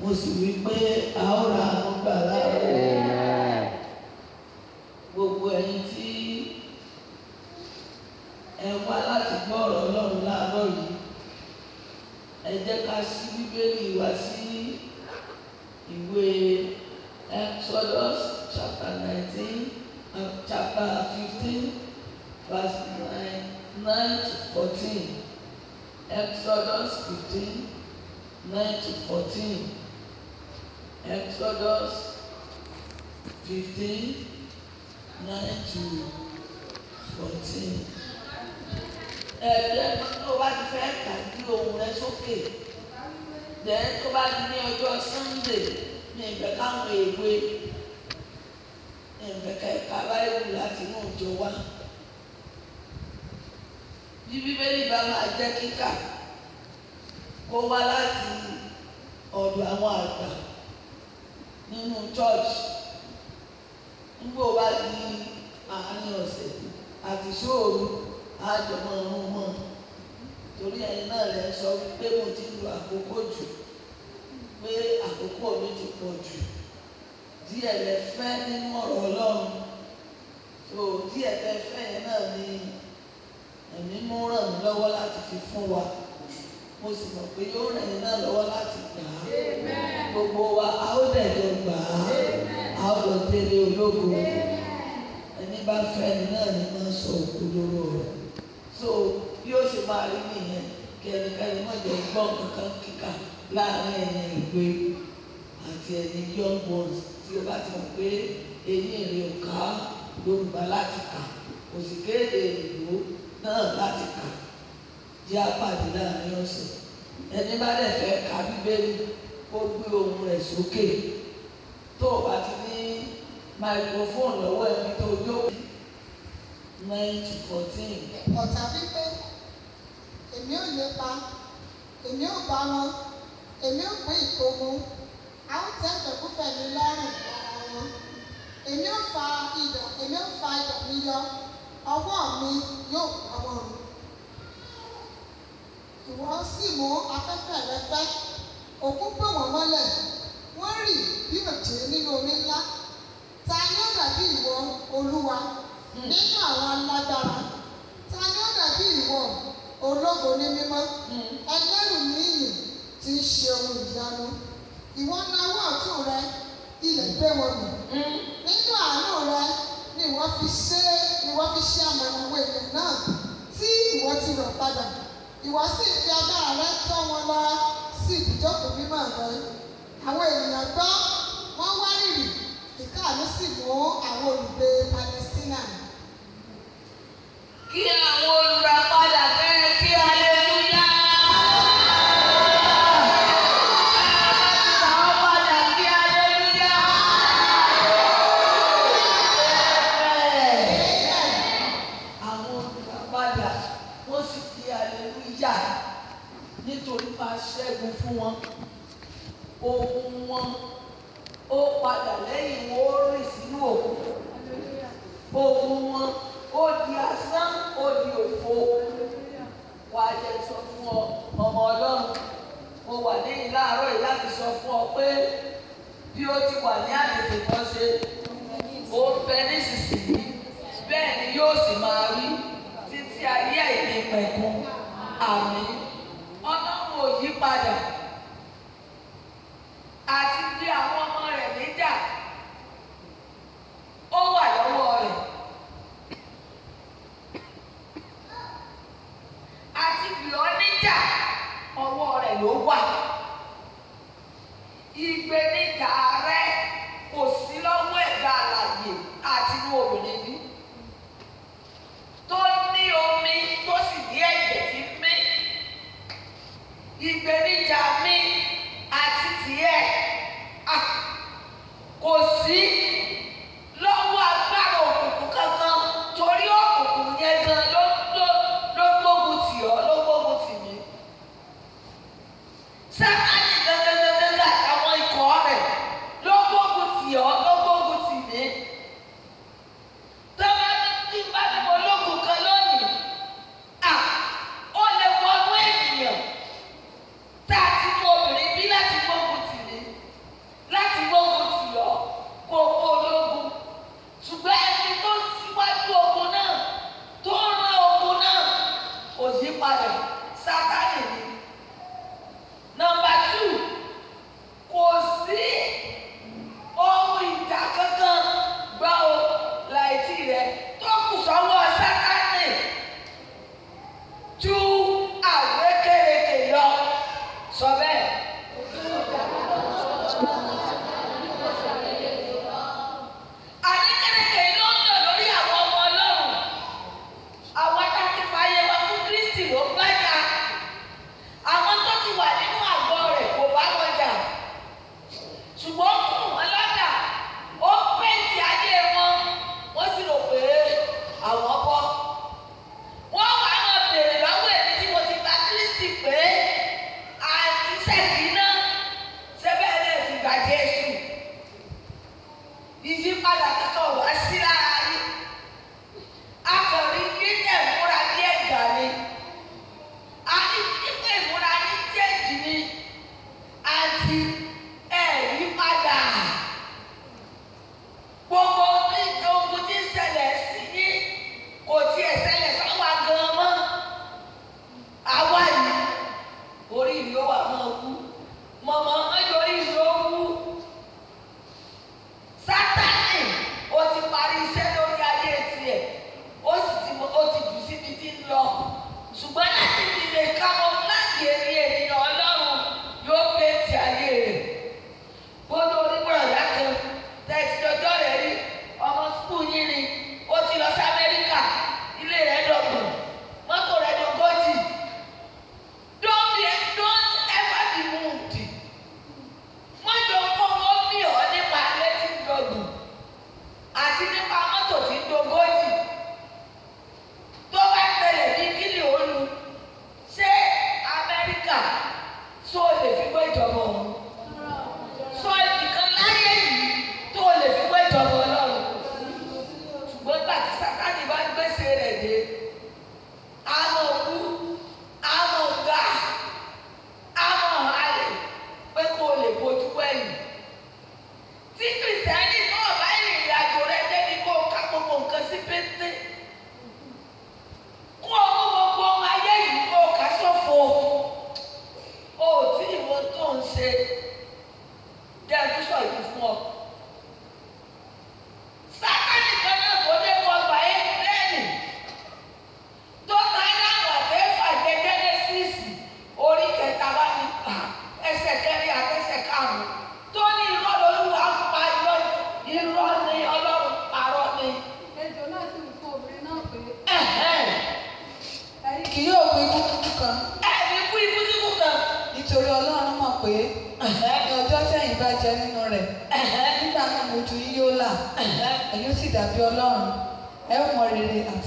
mo sì wí pé a ó ra àánú gbà láàárọ̀ gbogbo ẹ̀yin tí ẹ wá láti gbọ́ ọ̀rọ̀ Ọlọ́run láàárọ̀ yìí ẹ jẹ́ ká ṣí bíbélì wá sí ìwé Exodus chapter nineteen and uh, chapter fifteen verse nine nine to fourteen Exodus fifteen nine to fourteen. Exodus fifteen nine to fourteen. Ẹ̀ẹ́dẹ́ tó bá ti fẹ́ tàbí ohun rẹ sókè. Dẹ́n tó bá ti ní ọjọ́ Sunday ní ìfẹ́ káwọn èwe ìfẹ́ kẹ̀kẹ́ báyìí láti inú òjò wá. Bí Bíbélì bá máa jẹ́ kíkà, kó wá láti ọ̀dọ̀ àwọn àgbà nínú church nígbà ó bá di àárín ọ̀sẹ̀ àti sóòru àjọmọ̀ ọ̀hún mọ́ torí ẹ̀yin náà lè sọ wípé mo ti lu àkókò jù pé àkókò mi ti pọ̀ jù díẹ̀ lẹ fẹ́ nínú ọ̀rọ̀ ọlọ́run tó díẹ̀ lẹ fẹ́ yẹn náà ni ẹ̀mí mú ràn mí lọ́wọ́ láti fi fún wa mo sì mọ̀ pé yóò ràn yín náà lọ́wọ́ láti gbà á gbogbo wa a ó dẹ̀jọ gbà á a ó lọ délé ẹni bá fẹ́ ni náà ni máa sọ òkú rẹ̀ so bí ó ṣe máa rí nìyẹn kí ẹnikẹ́ni má jẹ́ gbọ́n kankan kíkà láàárín ẹ̀yìn ìgbé àti ẹ̀yìn young ones tí o bá ti mọ̀ pé eyín rẹ̀ ò ká Yorùbá láti kà kò ìlú náà láti kà jẹ́ apàdé láàárín ọ̀sẹ̀ ẹni bá dẹ̀ fẹ́ ka bíbélì kó gbé ohùn rẹ̀ sókè tó o bá ti ní máikrófóònù lọ́wọ́ ẹni tó jókòó nine to fourteen. ọ̀tá wípé èmi ò lépa èmi ò bá wọn èmi ò pín ìkómú a ó tẹ́ ìfẹ́kúfẹ́ mi lọ́rùn lára wọn èmi ò fa idọ̀ èmi ò fa idọ̀ mi yọ ọwọ́ mi yóò pamọ́ mi ìwọ sì mú afẹ́fẹ́ rẹ fẹ́ òkun pè wọ́n mọ́lẹ̀ wọ́n rì bí òjé nínú omi ńlá ta ni ó dàbí ìwọ olúwa hmm. nínú àwọn alágbára ta ni ó dàbí ìwọ ológo ní mímọ́ hmm. ẹlẹ́rù níyìn tí í ṣe ohun ìyanu ìwọ nawọ́ ọ̀tún rẹ ilẹ̀ gbé wọn mì hmm. nínú àánú rẹ ni ìwọ fi ṣe ìwọ fi ṣe amọ̀nàwó ènìyàn náà tí ìwọ ti rọ̀ padà. ìwọ sì fi agbára rẹ tọ́ wọn lọ sí ibùjókòó mímọ́ rẹ àwọn ènìyàn gbọ́ wọ́n wárìrì ìkáàánú sì mú àwọn olùgbé Palestina. kí àwọn olùràpadà bẹ́ẹ̀ kí alẹ́ mú. kan. ẹ̀mí kú ikú síkú kan. nítorí ọlọ́run mọ̀ pé ní ọjọ́ tẹ̀yìn bá jẹ nínú rẹ̀ nígbà náà lójú yín yóò là ẹ̀yin ó sì dàbí ọlọ́run ẹ̀ ó mọ rere àti.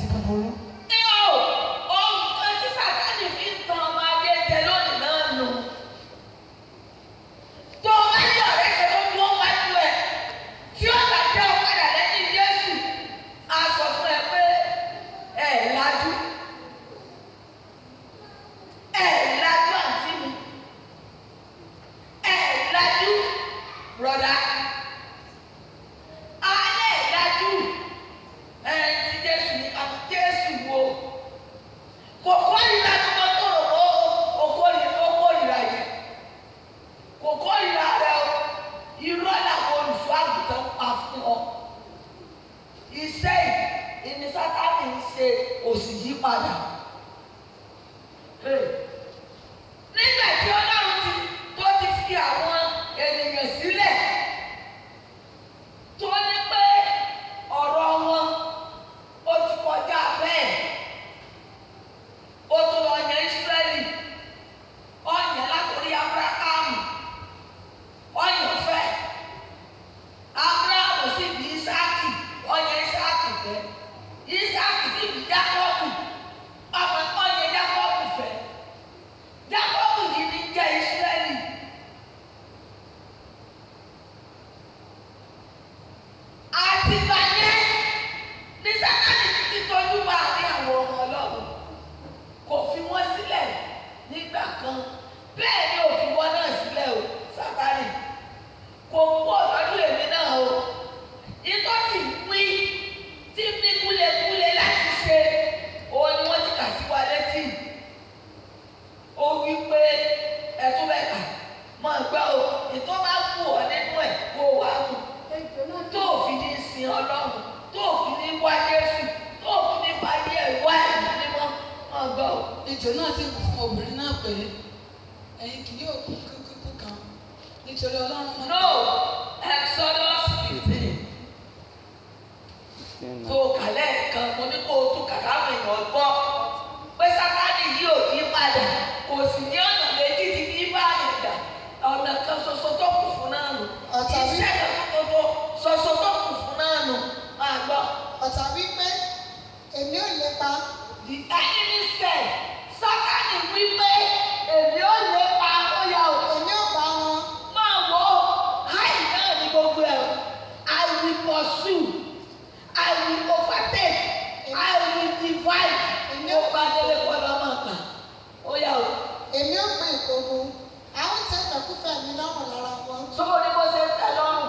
tó o ní bó ṣe ń lọ́rùn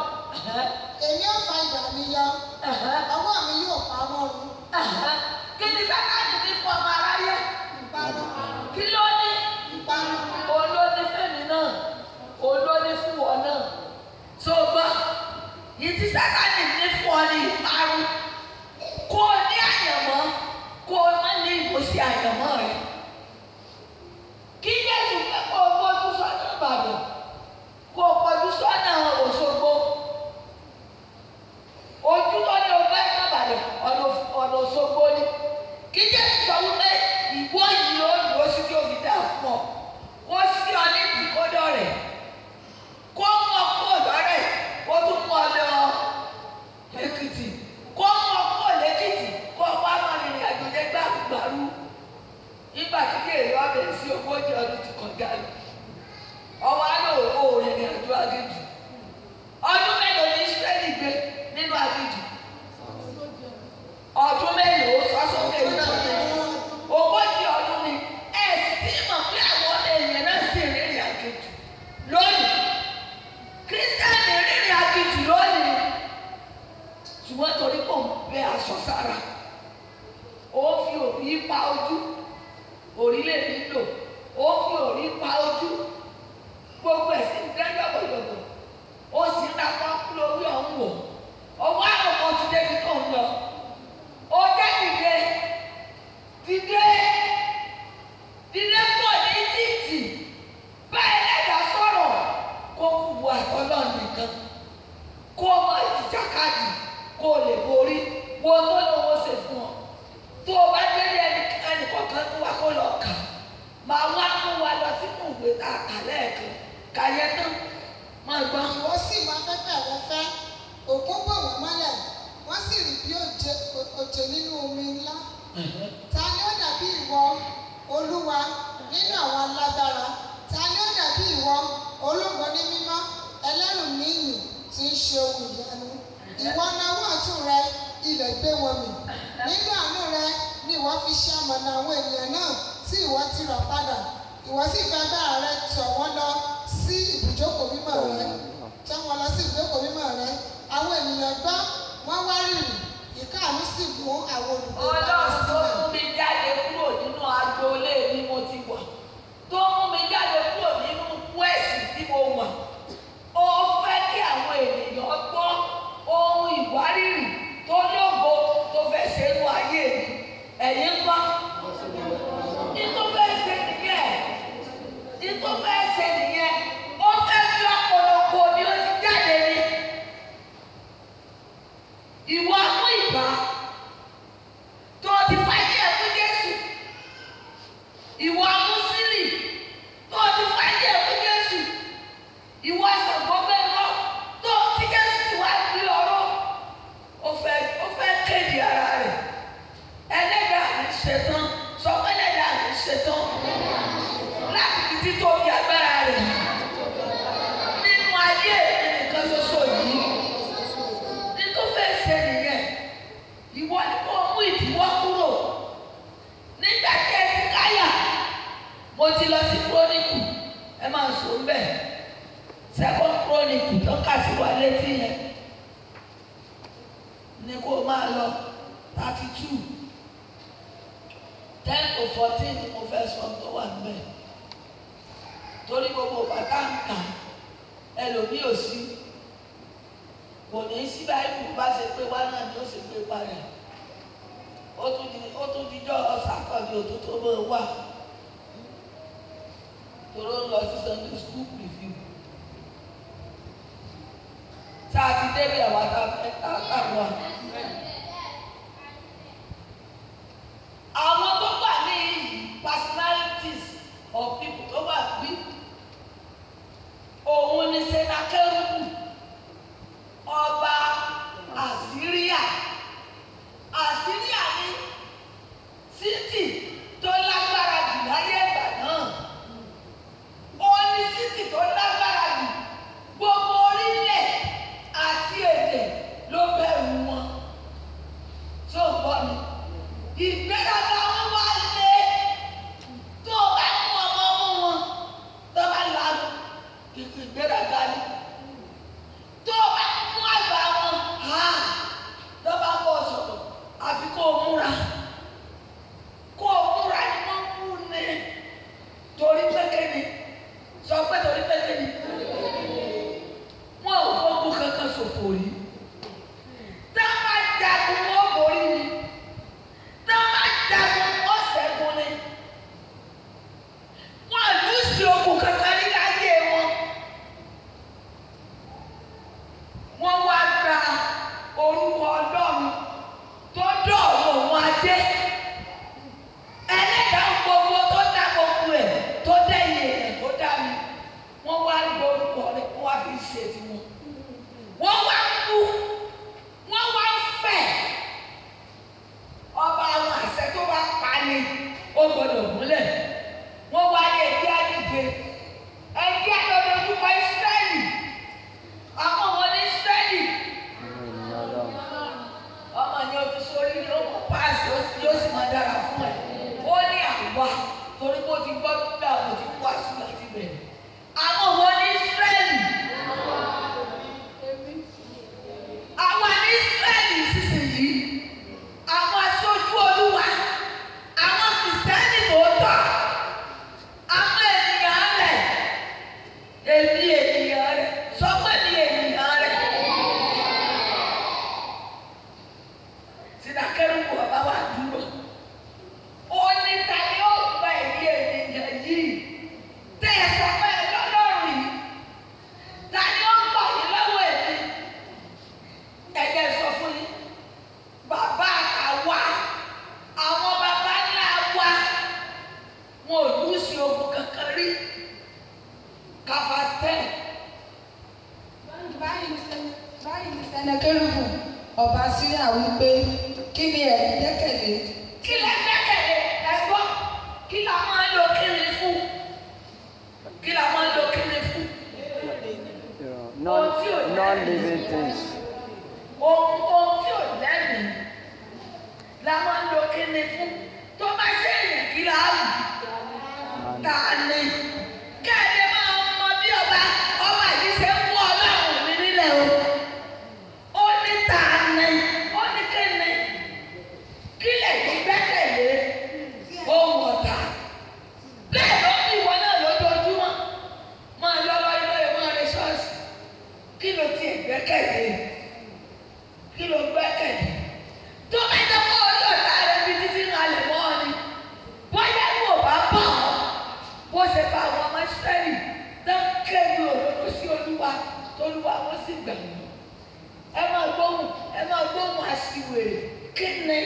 gbà ẹ máa gbóhùn ẹ máa gbóhùn àṣìwèrè kíni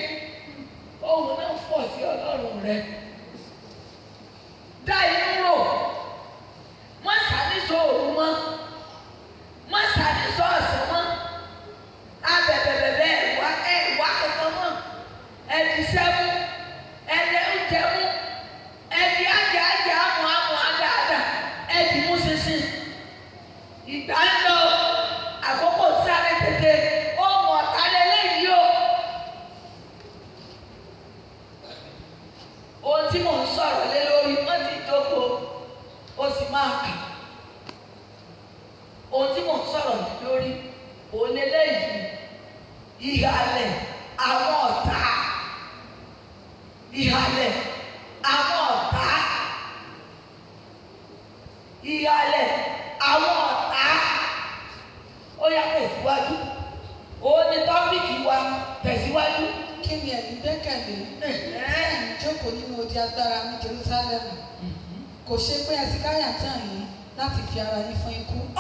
ohun náà fọ̀ sí ọlọ́run rẹ dá inú agbára ní Jerusalem mm-hmm. kò ṣe pé ẹsìkáyà tàn yín láti fi ara yín fún ikú.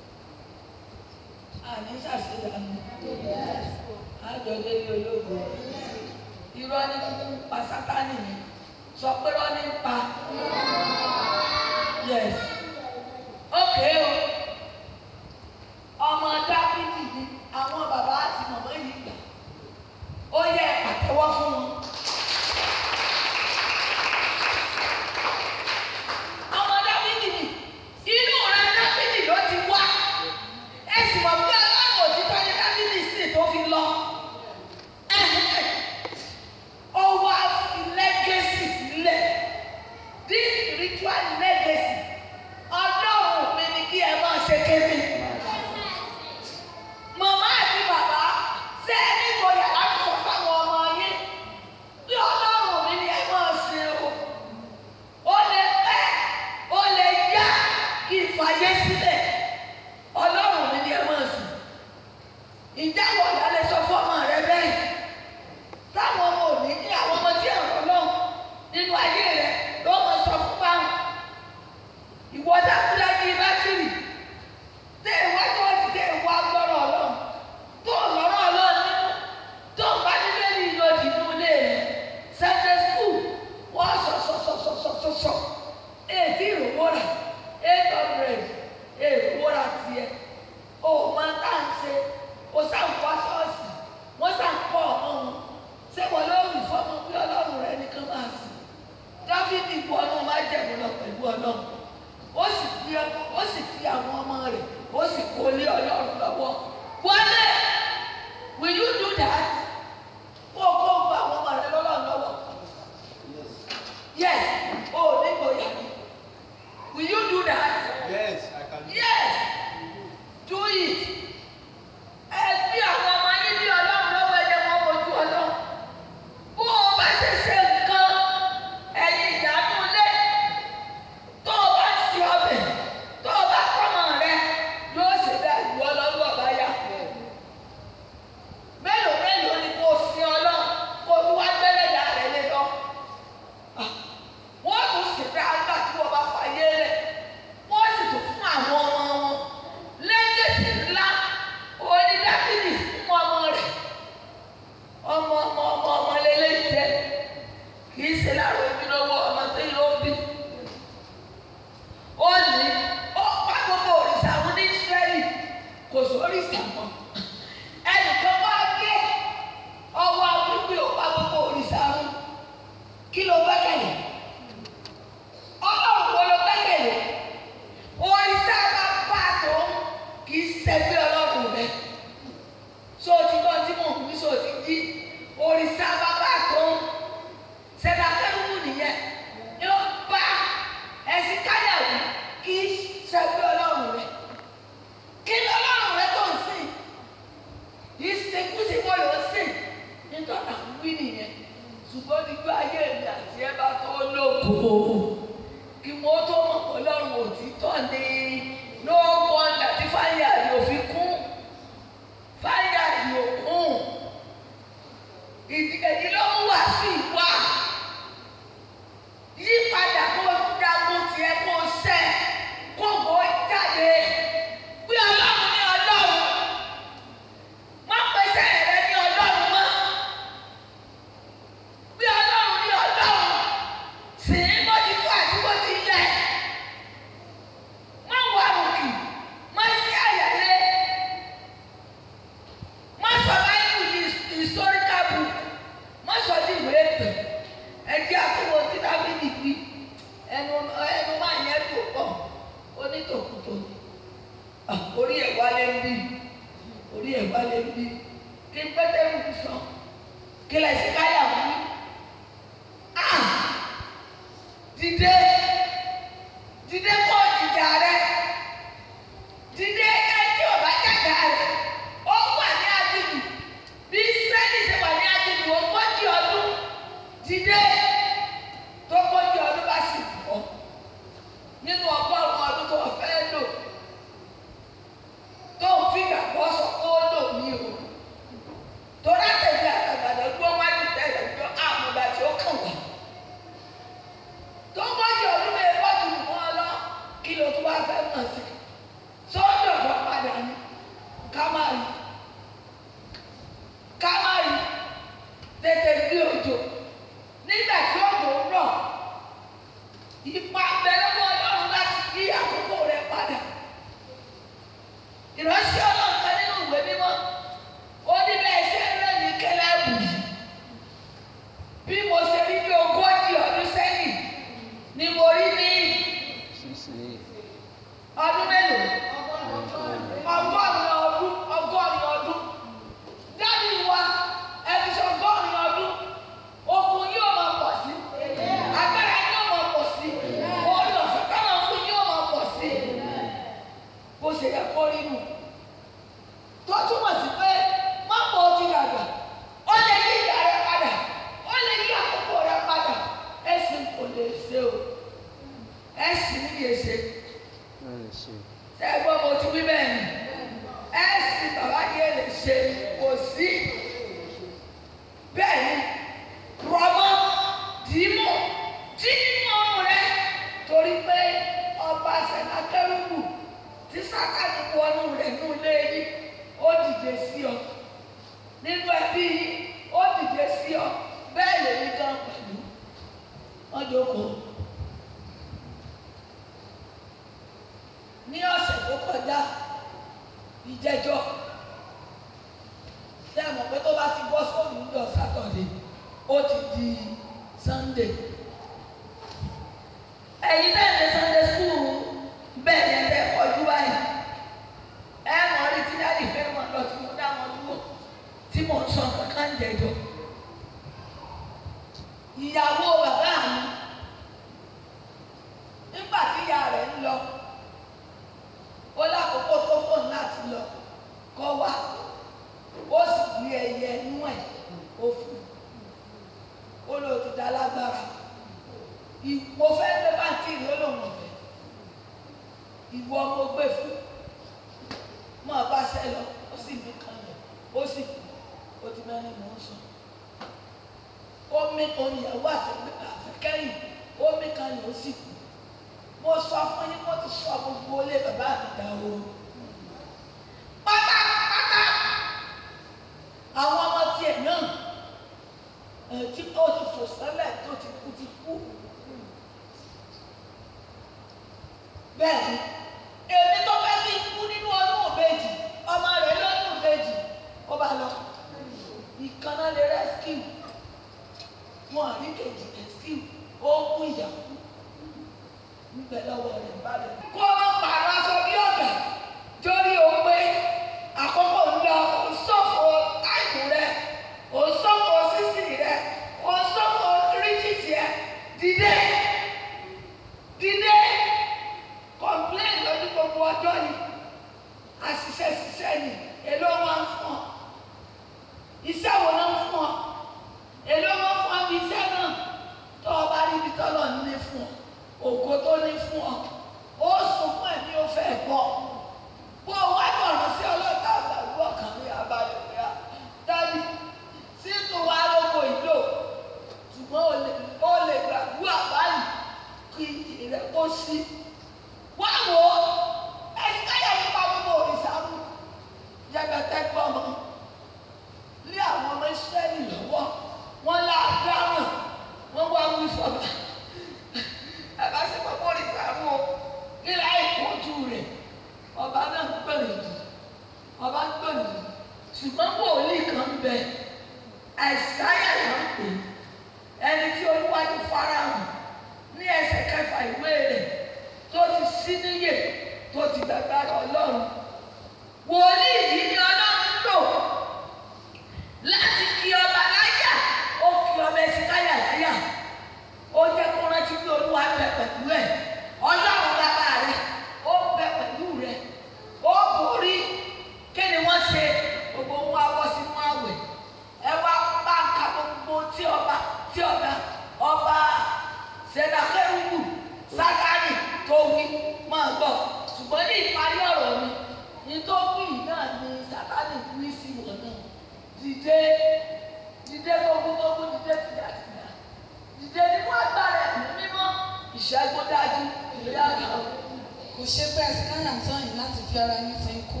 Sẹkáyà tọ̀yìn láti fi ara yín fún ikú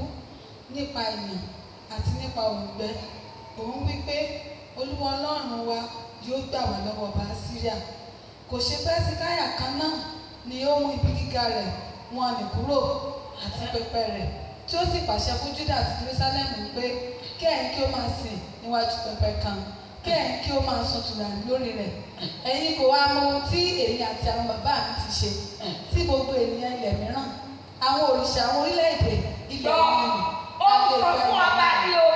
nípa ìyàn àti nípa òǹgbẹ òun wí pé olúwa ọlọ́run wa yóò gbà wá lọ́wọ́ ọba Síríà kò ṣe bẹ́ẹ̀ Sẹkáyà kan náà ni ó mú ibi gíga rẹ̀ wọn ni kúrò àti pẹpẹ rẹ̀ tí ó sì pàṣẹ fún Júdà àti Jerúsálẹ́mù pé kí ẹ̀yin kí ó máa sìn níwájú pẹpẹ kan kí ẹ̀yin kí ó máa sun tùràrí lórí rẹ̀ ẹ̀yin kò wá mọ ohun tí èmi àti àwọn bàbá mi ti ṣe tí gbogbo ènìyàn ilẹ̀ mìíràn àwọn òrìṣà àwọn orílẹ̀-èdè ìgbà òyìnbó. ó sọ fún ọba ní o.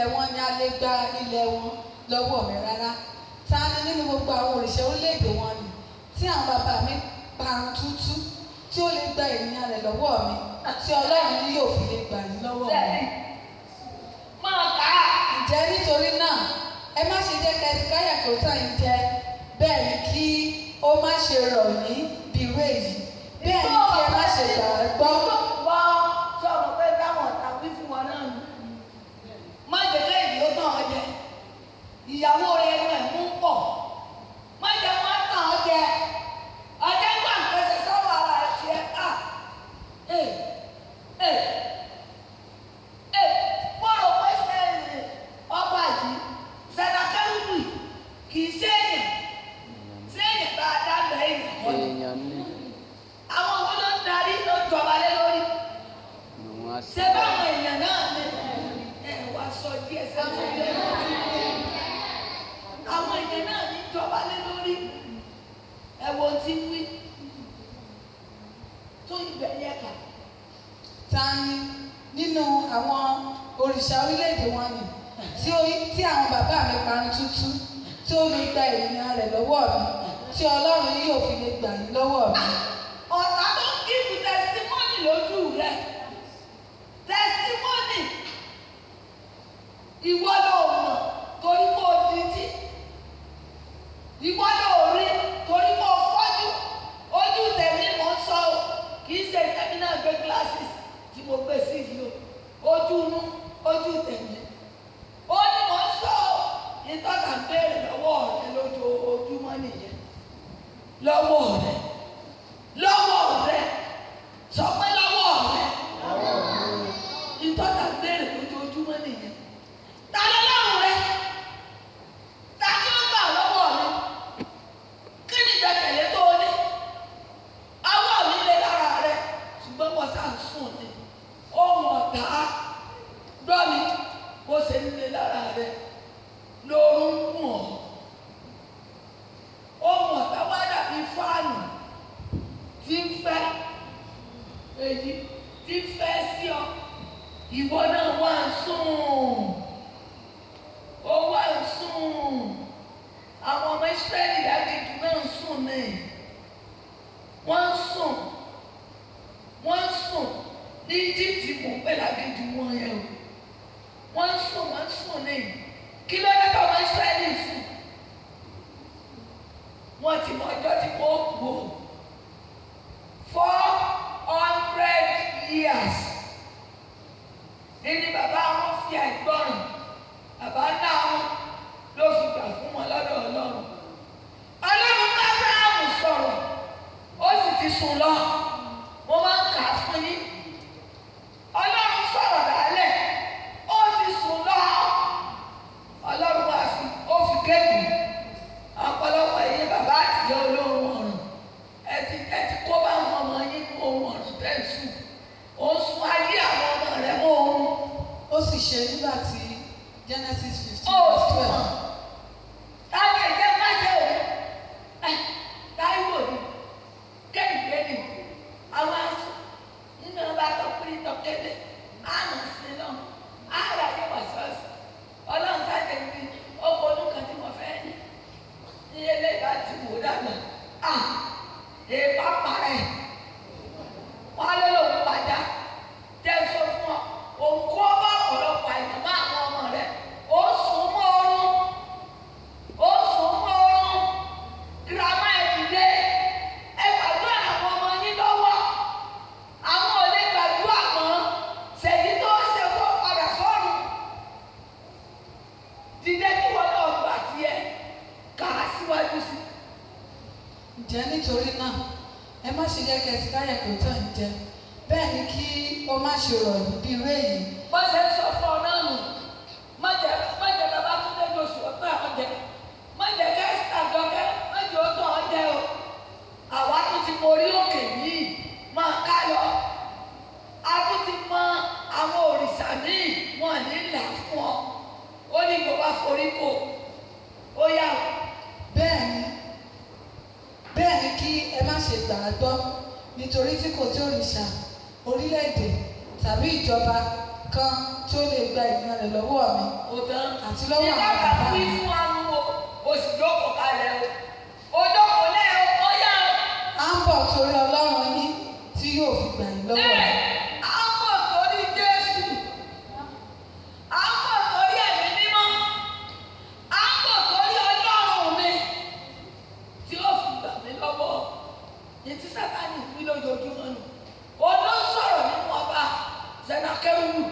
ilẹ̀ wọn ni a lè gba ilẹ̀ wọn lọ́wọ́ mi rárá ta ni nínú gbogbo àwọn òrìṣà orílẹ̀-èdè wọn ni tí àwọn bàbá mi parun tútú tí ó lè gba ènìyàn rẹ̀ lọ́wọ́ mi àti ọlọ́run yóò fi lè gbà yín lọ́wọ́ mi. máa kà á. ǹjẹ́ nítorí náà ẹ má ṣe jẹ́ kẹ́sìkáyà kó tàn yín jẹ bẹ́ẹ̀ ni kí ó má ṣe rọ̀ yín bí irú bẹ́ẹ̀ ni kí ẹ má ṣe gbà á gbọ́. the ètí sátani ìpínlẹ̀ ojoojúmọ́ ni olóńsọ̀rọ̀ nínú ọba zẹnakẹ́rù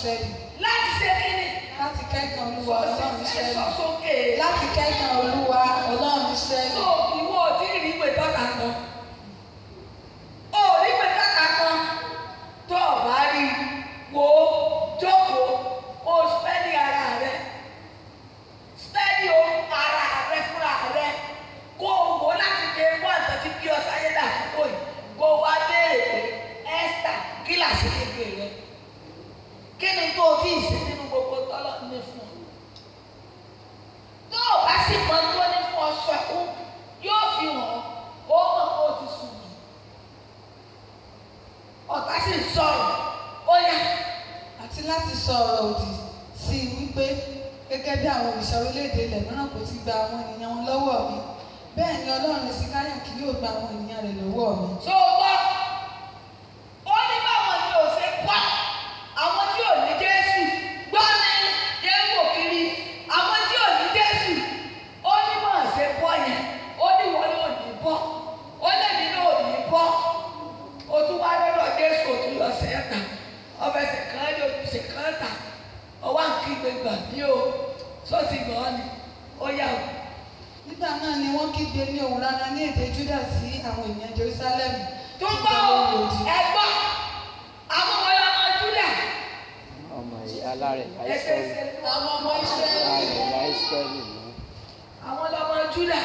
Ísírẹ́lì. Láti ṣe kí ni? Láti kẹ́kọ̀ọ́ olúwa ọlọ́run Ísírẹ́lì. Láti kẹ́kọ̀ọ́ olúwa. àwọn ènìyàn Jerusalem tó gbọ́ ẹgbọ́ àwọn ọmọ ọmọ Júdà. ọmọ alárẹ̀ láìsẹ́lì. àwọn ọmọ Israẹli. alárẹ̀ láìsẹ́lì. àwọn ọmọ Júdà.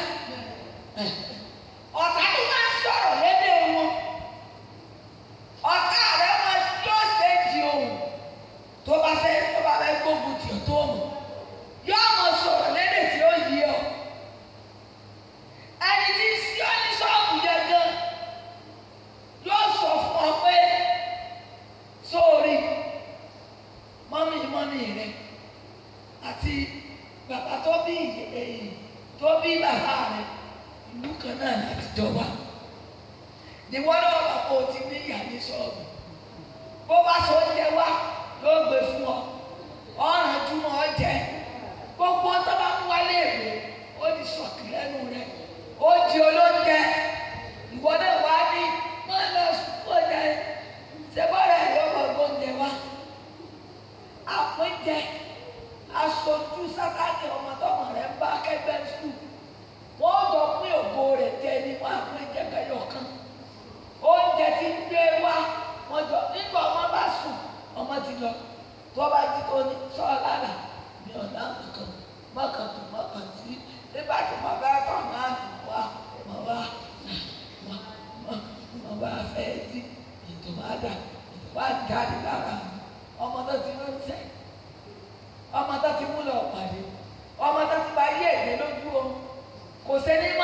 ustedes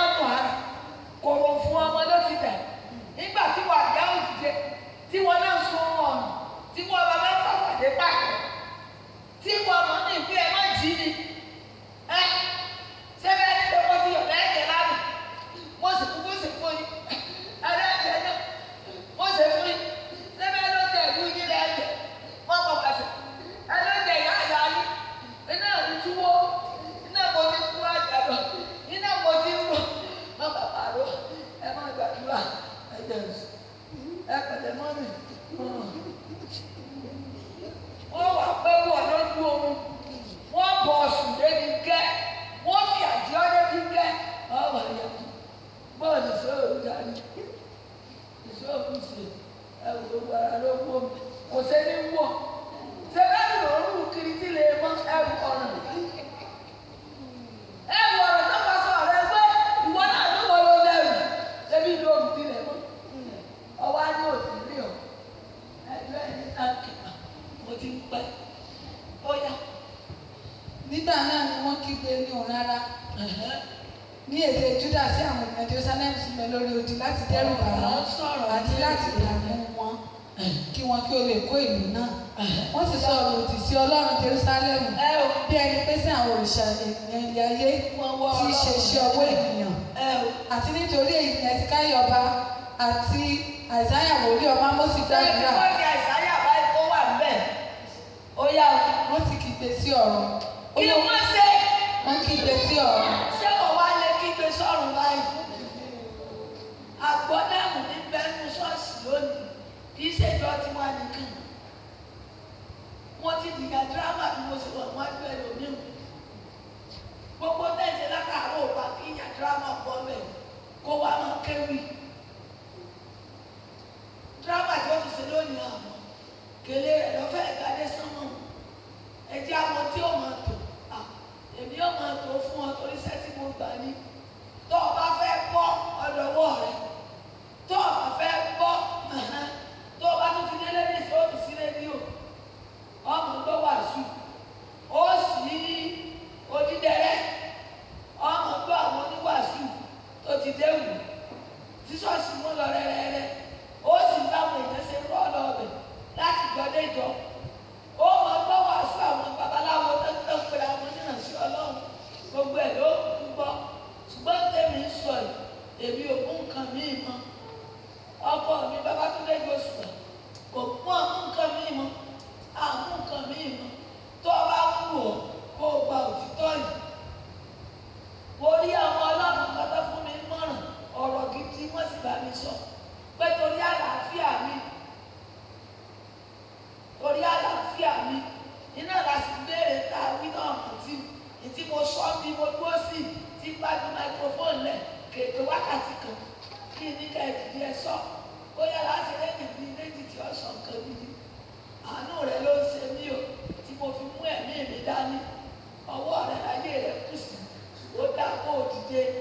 àti nítorí èyí ni ẹ̀sìkáyọ̀ ọba àti àìsáyà wòlíì ọba mósì gbàdúrà. ṣé ìwé àìsáyà bá ó wà níbẹ̀? ó yá wọ́n ti kígbe sí ọ̀run. kí ni wọ́n ṣe? wọ́n kígbe sí ọ̀run. ṣé wọ́n wá lè kígbe sọ́run báyìí? àgbọ̀dàmù ní bẹ́ẹ̀nu ṣọ́ọ̀ṣì lónìí kì í ṣèjọ tí wọ́n á nìkan. wọ́n ti dìgbà dírámà bí mo ṣe wọ̀ wọ́n á gbẹ̀rù níwò gbogbo bẹ́ẹ̀ ṣe látàárọ̀ òpá kí ìyá dírámà bọ́ bẹ́ẹ̀ kó wá máa kéwì dírámà tí wọ́n ti ṣe lónìí àmọ́ kèlè rẹ̀ lọ́fẹ́ ìgbàdé sánmọ̀ ẹjẹ́ àwọn tí ó máa tò èmi ó máa tò fún ọ torí sẹ́tì mo gbà ní tó o bá fẹ́ gbọ́ ọ̀dọ̀wọ́ rẹ tó o bá fẹ́ gbọ́ tó o bá tún ti délé ní ìṣòro tó sí rédíò ọmọ tó wà sùn ó sì ní onídẹ̀ẹ́. ti déwù tí ṣọ́ọ̀ṣì mú lọ rẹ́rẹ́rẹ́ ó sì ń báwọn èèyàn ṣe rọ́ lọ ọbẹ̀ láti jọ dé jọ ó mọ gbọ́ wàásù àwọn babaláwo tó ń tẹ́ pé àwọn oníràn sí ọlọ́run gbogbo ẹ̀ ló ń gbọ́ ṣùgbọ́n tèmi ń sọ yìí èmi ò mú nǹkan míì mọ́ ọkọ mi Babátúndé Joshua kò mú ọmú nǹkan míì mọ́ àmú nǹkan míì mọ́ tó bá wù ọ́ kó o gba òtítọ́ yìí nímọ̀ràn ọ̀rọ̀ gidi wọ́n sì bá mi sọ pé torí àlàáfíà mi torí àlàáfíà mi iná láti béèrè ta wíná àti ìtí mo sọ bí mo dúró sí ti gbájú microphone lẹ̀ kéde wákàtí kan kí ní ká ìdílé ẹ sọ bóyá láti lẹ́yìn ní méjì tí wọ́n sọ mi ni àánú rẹ ló ń ṣe mí o tí mo fi mú ẹ̀mí mi dání ọwọ́ rẹ láyé rẹ kù sí ó dá kó o dìde.